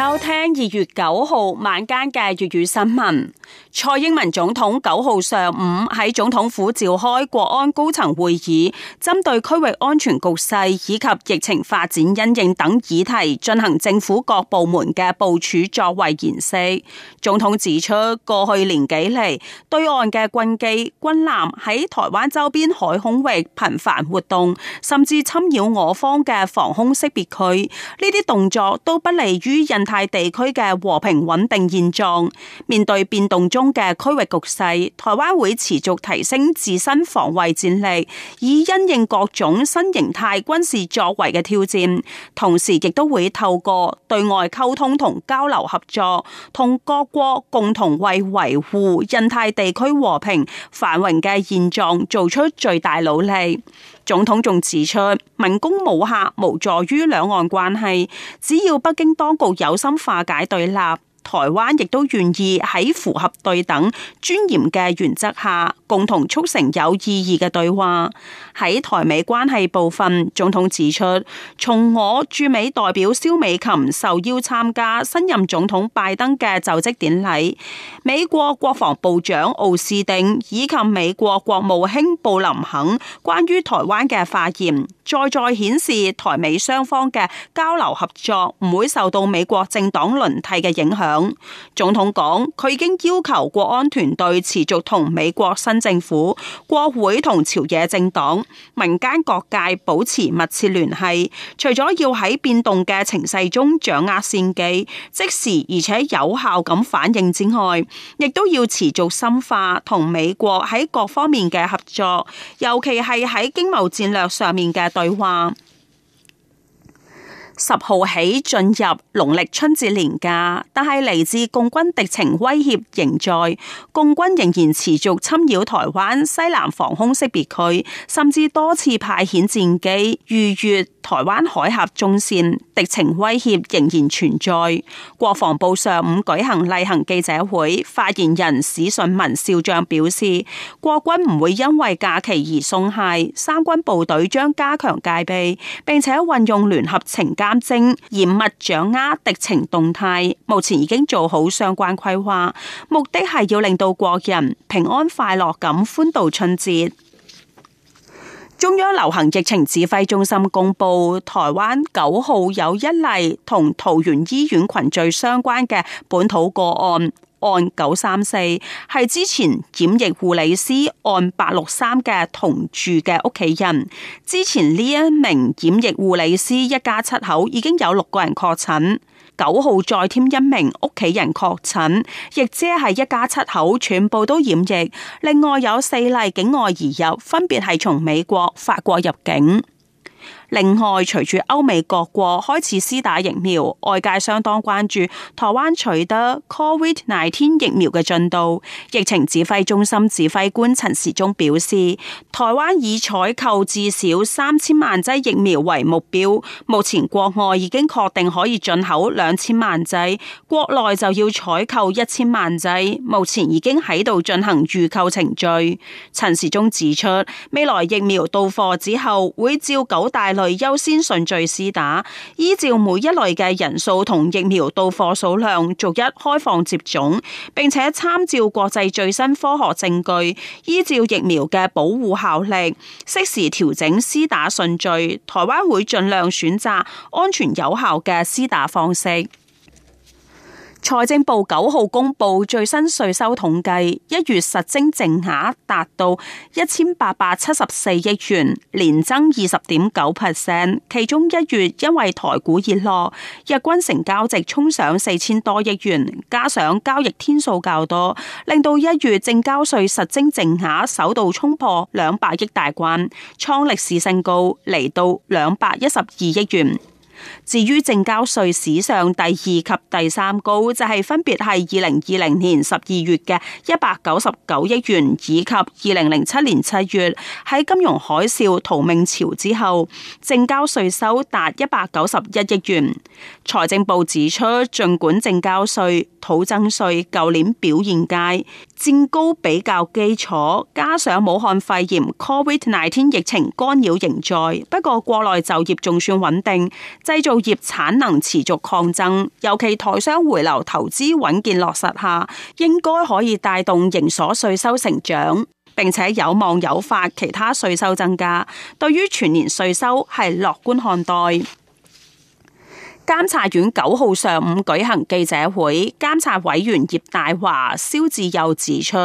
收聽二月九號晚間嘅粵語新聞。蔡英文總統九號上午喺總統府召開國安高層會議，針對區域安全局勢以及疫情發展因應等議題進行政府各部門嘅部署作為研析。總統指出，過去年幾嚟，對岸嘅軍機、軍艦喺台灣周邊海空域頻繁活動，甚至侵擾我方嘅防空識別區，呢啲動作都不利於印太地區嘅和平穩定現狀。面對變動。中嘅區域局勢，台灣會持續提升自身防衛戰力，以因應各種新形態軍事作為嘅挑戰。同時，亦都會透過對外溝通同交流合作，同各國共同為維護印太地區和平繁榮嘅現狀做出最大努力。總統仲指出，文攻武嚇無助於兩岸關係，只要北京當局有心化解對立。台灣亦都願意喺符合對等尊嚴嘅原則下，共同促成有意義嘅對話。喺台美關係部分，總統指出，從我駐美代表蕭美琴受邀參加新任總統拜登嘅就職典禮，美國國防部長奧斯汀以及美國國務卿布林肯關於台灣嘅發言，再再顯示台美雙方嘅交流合作唔會受到美國政黨輪替嘅影響。總統講，佢已經要求國安團隊持續同美國新政府、國會同朝野政黨、民間各界保持密切聯繫，除咗要喺變動嘅情勢中掌握先機，即時而且有效咁反應之外，亦都要持續深化同美國喺各方面嘅合作，尤其係喺經貿戰略上面嘅對話。十號起進入農曆春節年假，但係嚟自共軍敵情威脅仍在，共軍仍然持續侵擾台灣西南防空識別區，甚至多次派遣戰機逾越。台灣海峽中線敵情威脅仍然存在。國防部上午舉行例行記者會，發言人史順文少將表示，國軍唔會因為假期而鬆懈，三軍部隊將加強戒備，並且運用聯合情監偵，嚴密掌握敵情動態。目前已經做好相關規劃，目的係要令到國人平安快樂咁歡度春節。中央流行疫情指揮中心公布，台灣九號有一例同桃園醫院群聚相關嘅本土個案，案九三四係之前檢疫護理師案八六三嘅同住嘅屋企人。之前呢一名檢疫護理師一家七口已經有六個人確診。九號再添一名屋企人確診，亦即係一家七口全部都染疫。另外有四例境外移入，分別係從美國、法國入境。另外，隨住歐美各國,國開始施打疫苗，外界相當關注台灣取得 COVID-19 疫苗嘅進度。疫情指揮中心指揮官陳時中表示，台灣以採購至少三千萬劑疫苗為目標。目前國外已經確定可以進口兩千萬劑，國內就要採購一千萬劑。目前已經喺度進行預購程序。陳時中指出，未來疫苗到貨之後，會照九大。類優先順序施打，依照每一類嘅人數同疫苗到貨數量，逐一開放接種，並且參照國際最新科學證據，依照疫苗嘅保護效力，適時調整施打順序。台灣會盡量選擇安全有效嘅施打方式。財政部九號公布最新稅收統計，一月實徵淨額達到一千八百七十四億元，年增二十點九 percent。其中一月因為台股熱絡，日均成交值衝上四千多億元，加上交易天數較多，令到一月證交稅實徵淨額首度衝破兩百億大關，創歷史性高，嚟到兩百一十二億元。至於證交稅史上第二及第三高，就係、是、分別係二零二零年十二月嘅一百九十九億元，以及二零零七年七月喺金融海嘯逃命潮之後，證交稅收達一百九十一億元。財政部指出，儘管證交稅、土增稅舊年表現佳，佔高比較基礎，加上武漢肺炎 （COVID-19） 疫情干擾仍在，不過國內就業仲算穩定，製造業產能持續擴增，尤其台商回流投資穩健落實下，應該可以帶動營所稅收成長，並且有望誘發其他稅收增加，對於全年稅收係樂觀看待。監察院九號上午舉行記者會，監察委員葉大華、蕭志佑指出，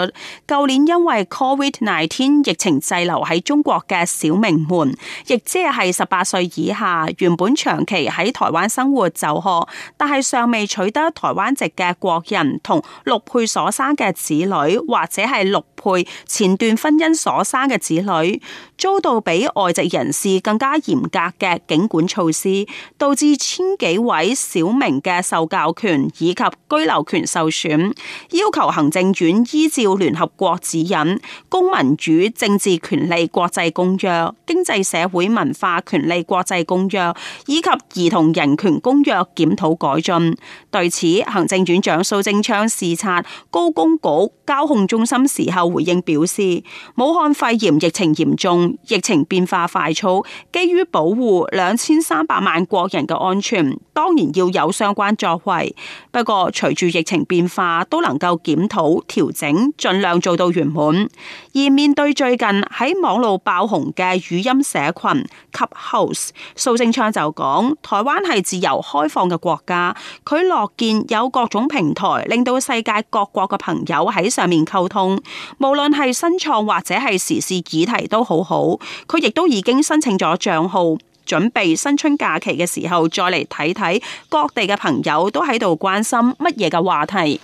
舊年因為 Covid-19 疫情滯留喺中國嘅小明們，亦即係十八歲以下，原本長期喺台灣生活就學，但係尚未取得台灣籍嘅國人同陸配所生嘅子女，或者係陸配前段婚姻所生嘅子女，遭到比外籍人士更加嚴格嘅警管措施，導致千幾位小明嘅受教權以及居留權受損，要求行政院依照聯合國指引《公民主政治權利國際公約》《經濟社會文化權利國際公約》以及《兒童人權公約》檢討改進。對此，行政院長蘇貞昌視察高公局交控中心時候。回應表示，武漢肺炎疫情嚴重，疫情變化快速，基於保護兩千三百萬國人嘅安全，當然要有相關作為。不過，隨住疫情變化都能夠檢討、調整，盡量做到圓滿。而面對最近喺網路爆紅嘅語音社群 Clubhouse，蘇貞昌就講：台灣係自由開放嘅國家，佢樂見有各種平台令到世界各國嘅朋友喺上面溝通。無論係新創或者係時事議題都好好，佢亦都已經申請咗賬號，準備新春假期嘅時候再嚟睇睇各地嘅朋友都喺度關心乜嘢嘅話題。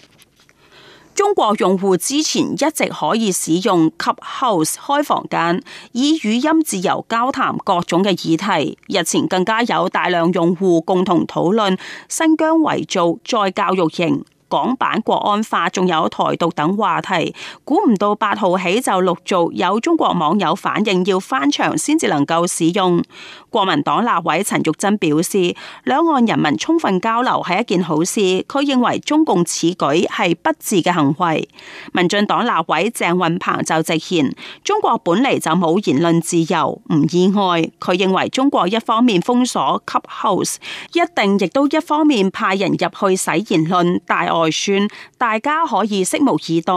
中國用戶之前一直可以使用 Clubhouse 開房間，以語音自由交談各種嘅議題。日前更加有大量用戶共同討論新疆維造再教育營。港版國安法仲有台獨等話題，估唔到八號起就陸續有中國網友反映要翻牆先至能夠使用。國民黨立委陳玉珍表示，兩岸人民充分交流係一件好事，佢認為中共此舉係不智嘅行為。民進黨立委鄭運鵬就直言，中國本嚟就冇言論自由，唔意外。佢認為中國一方面封鎖 Clubhouse，一定亦都一方面派人入去洗言論，但係內算，大家可以拭目以待。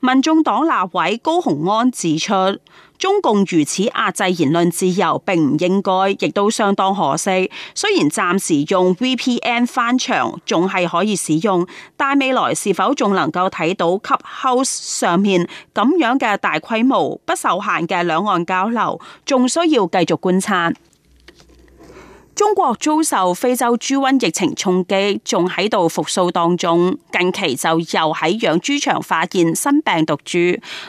民眾黨立委高虹安指出，中共如此壓制言論自由，並唔應該，亦都相當可惜。雖然暫時用 VPN 翻牆仲係可以使用，但未來是否仲能夠睇到 Clubhouse 上面咁樣嘅大規模不受限嘅兩岸交流，仲需要繼續觀察。中國遭受非洲豬瘟疫情衝擊，仲喺度復甦當中。近期就又喺養豬場發現新病毒株。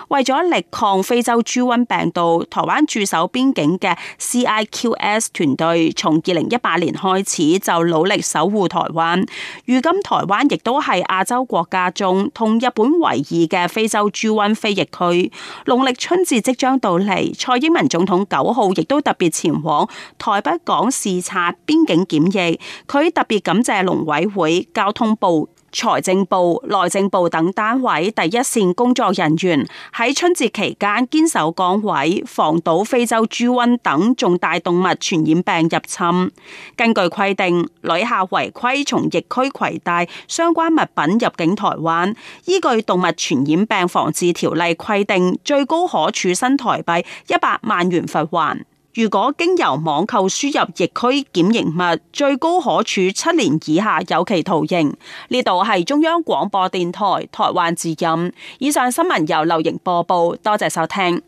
為咗力抗非洲豬瘟病毒，台灣駐守邊境嘅 CIQS 團隊從二零一八年開始就努力守護台灣。如今台灣亦都係亞洲國家中同日本唯二嘅非洲豬瘟非疫區。農曆春節即將到嚟，蔡英文總統九號亦都特別前往台北港視察。下邊境檢疫，佢特別感謝農委會、交通部、財政部、內政部等單位第一線工作人員喺春節期間堅守崗位，防堵非洲豬瘟等重大動物傳染病入侵。根據規定，旅客違規從疫區携帶相關物品入境台灣，依據動物傳染病防治條例規定，最高可處新台幣一百萬元罰鍰。如果經由網購輸入疫區檢疫物，最高可處七年以下有期徒刑。呢度係中央廣播電台台灣之音。以上新聞由劉瑩播報，多謝收聽。